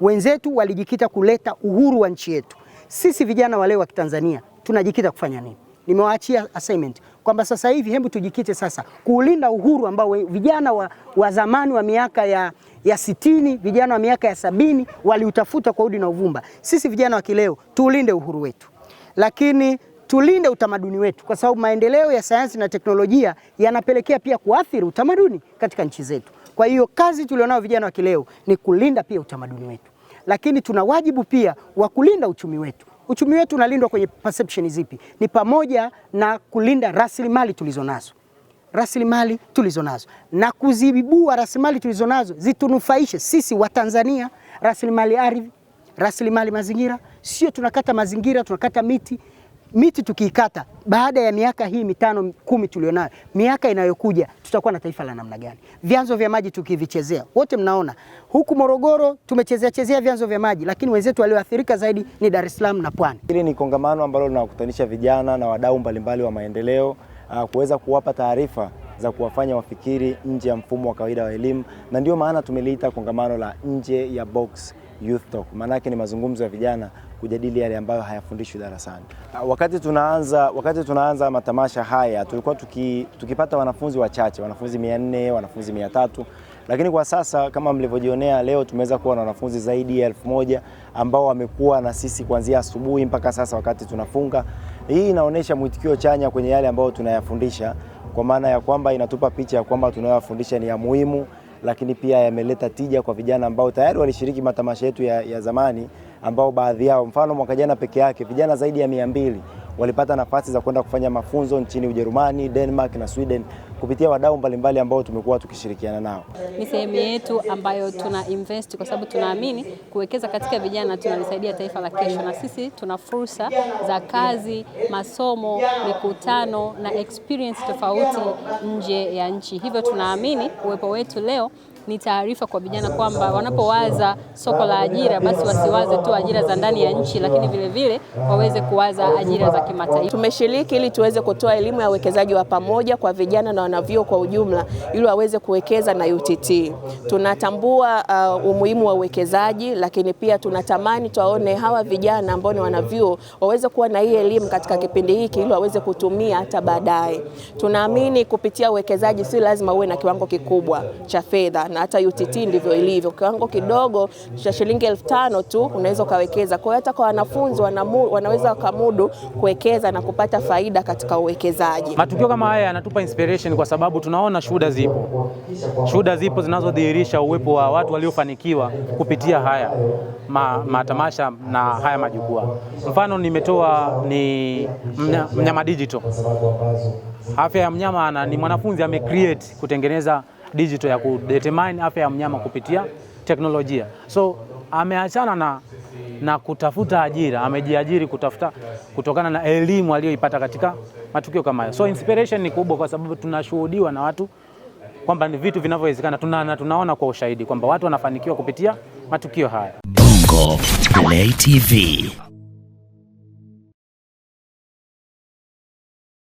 Wenzetu walijikita kuleta uhuru wa nchi yetu. Sisi vijana wa leo wa Kitanzania tunajikita kufanya nini? Nimewaachia assignment kwamba sasa hivi hebu tujikite sasa kuulinda uhuru ambao vijana wa, wa zamani wa miaka ya, ya sitini, vijana wa miaka ya sabini waliutafuta kwa udi na uvumba. Sisi vijana wa kileo tuulinde uhuru wetu, lakini tulinde utamaduni wetu, kwa sababu maendeleo ya sayansi na teknolojia yanapelekea pia kuathiri utamaduni katika nchi zetu. Kwa hiyo kazi tulionao vijana wa kileo ni kulinda pia utamaduni wetu, lakini tuna wajibu pia wa kulinda uchumi wetu. Uchumi wetu unalindwa kwenye perception zipi? Ni pamoja na kulinda rasilimali tulizonazo rasilimali tulizonazo na kuzibibua rasilimali tulizonazo zitunufaishe sisi Watanzania. Rasilimali ardhi, rasilimali mazingira, sio tunakata mazingira, tunakata miti miti tukiikata baada ya miaka hii mitano kumi tulionayo, miaka inayokuja tutakuwa na taifa la namna gani? Vyanzo vya maji tukivichezea, wote mnaona huku Morogoro tumechezea chezea vyanzo vya maji, lakini wenzetu walioathirika zaidi ni Dar es Salaam na Pwani. Hili ni kongamano ambalo linawakutanisha vijana na wadau mbalimbali wa maendeleo ah, kuweza kuwapa taarifa za kuwafanya wafikiri nje ya mfumo wa kawaida wa elimu, na ndio maana tumeliita kongamano la nje ya box. Youth Talk. Maana yake ni mazungumzo ya vijana kujadili yale ambayo hayafundishwi darasani. Ah, wakati tunaanza, wakati tunaanza matamasha haya tulikuwa tuki, tukipata wanafunzi wachache, wanafunzi 400, wanafunzi 300, lakini kwa sasa kama mlivyojionea leo tumeweza kuwa na wanafunzi zaidi ya elfu moja ambao wamekuwa na sisi kuanzia asubuhi mpaka sasa wakati tunafunga. Hii inaonyesha mwitikio chanya kwenye yale ambayo tunayafundisha, kwa maana ya kwamba inatupa picha ya kwamba tunayofundisha ni ya muhimu lakini pia yameleta tija kwa vijana ambao tayari walishiriki matamasha yetu ya, ya zamani ambao baadhi yao mfano mwaka jana peke yake vijana zaidi ya mia mbili walipata nafasi za kwenda kufanya mafunzo nchini Ujerumani, Denmark na Sweden kupitia wadau mbalimbali ambao tumekuwa tukishirikiana nao. Ni sehemu yetu ambayo tuna invest kwa sababu tunaamini kuwekeza katika vijana tunalisaidia taifa la kesho, na sisi tuna fursa za kazi, masomo, mikutano na experience tofauti nje ya nchi, hivyo tunaamini uwepo wetu leo ni taarifa kwa vijana kwamba wanapowaza soko la ajira, basi wasiwaze tu ajira za ndani ya nchi, lakini vilevile waweze kuwaza ajira za kimataifa. Tumeshiriki ili tuweze kutoa elimu ya uwekezaji wa pamoja kwa vijana na wanavyuo kwa ujumla, ili waweze kuwekeza na UTT. Tunatambua uh, umuhimu wa uwekezaji, lakini pia tunatamani tuwaone hawa vijana ambao ni wanavyuo waweze kuwa na hii elimu katika kipindi hiki, ili waweze kutumia hata baadaye. Tunaamini kupitia uwekezaji si lazima uwe na kiwango kikubwa cha fedha na hata UTT ndivyo ilivyo. Kiwango kidogo cha shilingi elfu tano tu unaweza ukawekeza. Kwa hiyo hata kwa wanafunzi wanamu, wanaweza wakamudu kuwekeza na kupata faida katika uwekezaji. Matukio kama haya yanatupa inspiration kwa sababu tunaona shuhuda zipo, shuhuda zipo zinazodhihirisha uwepo wa watu waliofanikiwa kupitia haya ma, matamasha na haya majukwaa. Mfano nimetoa ni Mnyama Digital, afya ya mnyama ana ni mwanafunzi amecreate kutengeneza digital ya kudetermine afya ya mnyama kupitia teknolojia. So ameachana na, na kutafuta ajira, amejiajiri kutafuta kutokana na elimu aliyoipata katika matukio kama hayo. So inspiration ni kubwa kwa sababu tunashuhudiwa na watu kwamba ni vitu vinavyowezekana, tuna, tunaona kwa ushahidi kwamba watu wanafanikiwa kupitia matukio haya. Bongo Play TV.